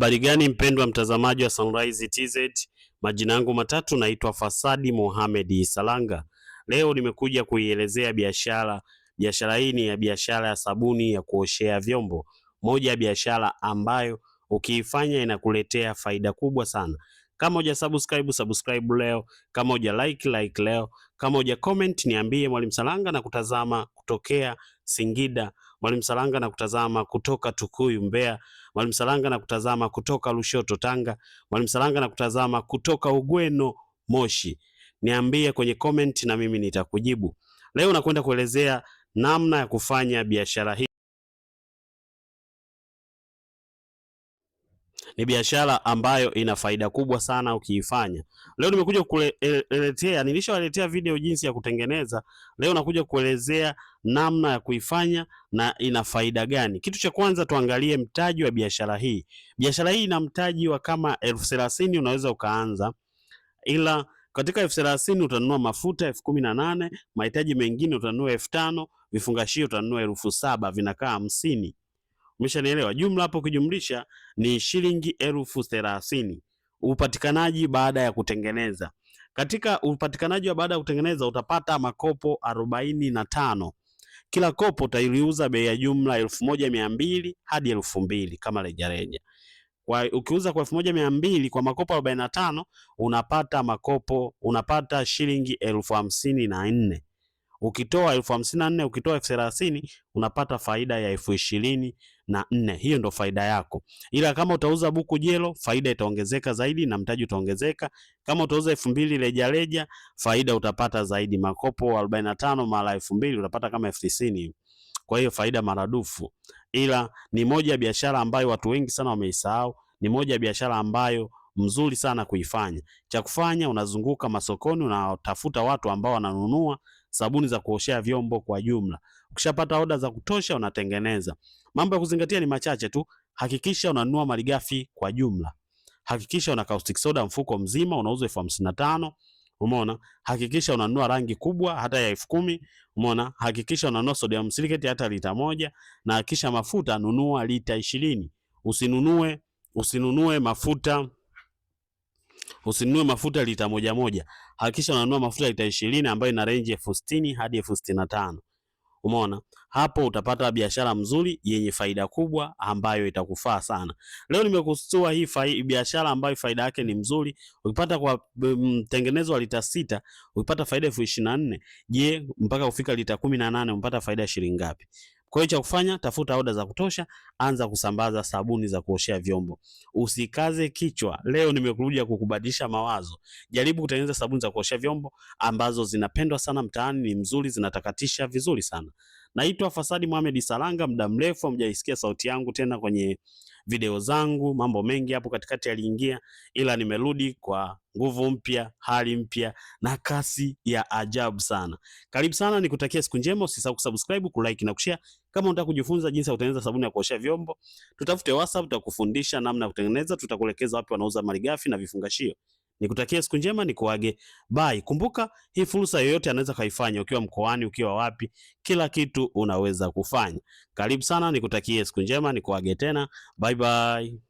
Habari gani mpendwa mtazamaji wa Sunrise TZ, majina yangu matatu, naitwa Fasadi Mohamed Salanga. Leo nimekuja kuielezea biashara. Biashara hii ni ya biashara ya sabuni ya kuoshea vyombo, moja ya biashara ambayo ukiifanya inakuletea faida kubwa sana. Kama uja subscribe, subscribe leo. Kama uja like, like leo. Kama uja comment, niambie Mwalimu Salanga na kutazama kutokea Singida Mwalimu Saranga na kutazama kutoka Tukuyu Mbeya, Mwalimu Saranga na kutazama kutoka Lushoto Tanga, Mwalimu Saranga na kutazama kutoka Ugweno Moshi. Niambie kwenye comment na mimi nitakujibu. Leo nakwenda kuelezea namna ya kufanya biashara hii. ni biashara ambayo ina faida kubwa sana ukiifanya. Leo nimekuja kukuletea, nilishawaletea video jinsi ya kutengeneza, leo nakuja kuelezea namna ya kuifanya na ina faida gani. Kitu cha kwanza tuangalie mtaji wa biashara hii. Biashara hii ina mtaji wa kama elfu thelathini unaweza ukaanza, ila katika elfu thelathini utanunua mafuta elfu kumi na nane mahitaji mengine utanunua elfu tano vifungashio utanunua elfu saba vinakaa hamsini Umeshanielewa? Jumla hapo ukijumlisha ni shilingi elfu thelathini. Upatikanaji baada ya kutengeneza. Katika upatikanaji wa baada ya kutengeneza utapata makopo arobaini na tano. Kila kopo utaliuza bei ya jumla elfu moja mia mbili hadi elfu mbili kama rejareja. Kwa ukiuza kwa elfu moja mia mbili kwa makopo arobaini na tano unapata makopo unapata shilingi elfu hamsini na nne. Ukitoa elfu hamsini na nne ukitoa elfu thelathini unapata faida ya elfu ishirini na nne. Hiyo ndo faida yako, ila kama utauza buku jelo faida itaongezeka zaidi na mtaji utaongezeka. Kama utauza elfu mbili rejareja faida utapata zaidi, makopo arobaini na tano mara elfu mbili utapata kama elfu tisini. Kwa hiyo faida maradufu, ila ni moja ya biashara ambayo watu wengi sana wameisahau. Ni moja ya biashara ambayo mzuri sana kuifanya. Cha kufanya unazunguka masokoni, unatafuta watu ambao wananunua sabuni za kuoshea vyombo kwa jumla. Ukishapata oda za kutosha, unatengeneza. Mambo ya kuzingatia ni machache tu. Hakikisha unanunua malighafi kwa jumla. Hakikisha una caustic soda mfuko mzima unauzwa elfu hamsini na tano. Umeona? Hakikisha unanunua rangi kubwa hata ya elfu kumi. Umeona? Hakikisha unanunua sodium silicate hata lita moja, na hakikisha mafuta nunua lita ishirini. Usinunue usinunue mafuta usinunue mafuta lita moja moja, hakikisha unanunua mafuta lita ishirini ambayo ina range elfu sitini hadi elfu sitini na tano. Umeona hapo, utapata biashara mzuri yenye faida kubwa ambayo itakufaa sana. Leo nimekusua hii fai, biashara ambayo faida yake ni mzuri. Ukipata kwa mm, mtengenezo wa lita sita ukipata faida elfu ishirini na nne je, mpaka kufika lita kumi na nane umepata faida shilingi ngapi? Kwa hiyo cha kufanya, tafuta oda za kutosha, anza kusambaza sabuni za kuoshea vyombo. Usikaze kichwa, leo nimekuja kukubadilisha mawazo. Jaribu kutengeneza sabuni za kuoshea vyombo ambazo zinapendwa sana mtaani, ni mzuri, zinatakatisha vizuri sana. Naitwa Fasadi Mohamed Salanga, muda mrefu hamjaisikia sauti yangu tena kwenye video zangu. Mambo mengi hapo katikati yaliingia, ila nimerudi kwa nguvu mpya, hali mpya na kasi ya ajabu sana. Karibu sana, nikutakia siku njema. Usisahau kusubscribe, kulike na kushare. Kama unataka kujifunza jinsi ya kutengeneza sabuni ya kuoshea vyombo, tutafute WhatsApp, tutakufundisha namna ya kutengeneza, tutakuelekeza wapi wanauza malighafi na vifungashio nikutakie siku njema, nikuage bye. Kumbuka hii fursa yoyote anaweza kaifanya, ukiwa mkoani, ukiwa wapi, kila kitu unaweza kufanya. Karibu sana, nikutakie siku njema, nikuage tena bye, bye.